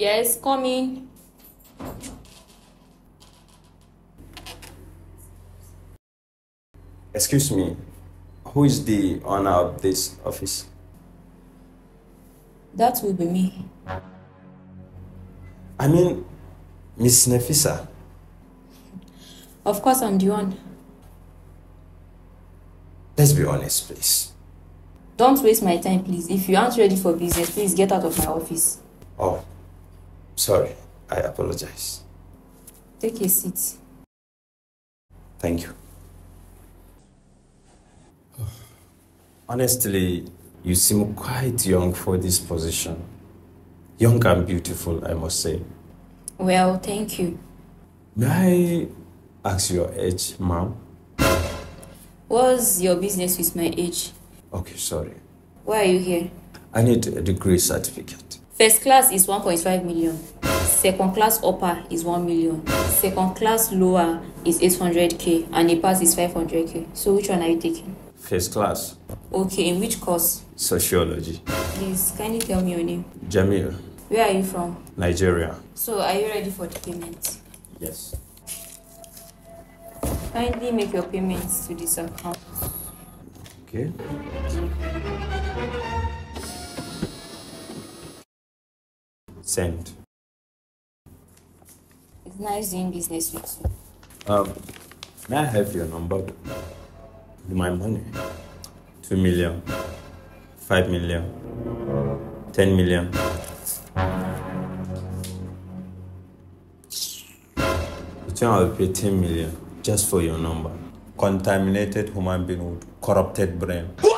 Yes, coming. Excuse me, who is the owner of this office? That will be me. I mean, Miss Nefisa. Of course, I'm the one. Let's be honest, please. Don't waste my time, please. If you aren't ready for business, please get out of my office. Oh, Sorry, I apologize. Take a seat. Thank you. Honestly, you seem quite young for this position. Young and beautiful, I must say. Well, thank you. May I ask your age, ma'am? What's your business with my age? Okay, sorry. Why are you here? I need a degree certificate. First class is 1.5 million. Second class upper is 1 million. Second class lower is 800k and a pass is 500k. So which one are you taking? First class. Okay, in which course? Sociology. Please, can you tell me your name? Jamil. Where are you from? Nigeria. So are you ready for the payment? Yes. Kindly make your payments to this account. Okay. Send. It's nice doing business with you. Um, may I have your number? My money. Two million. Five million. Ten million. Return I'll pay ten million just for your number. Contaminated human being with corrupted brain.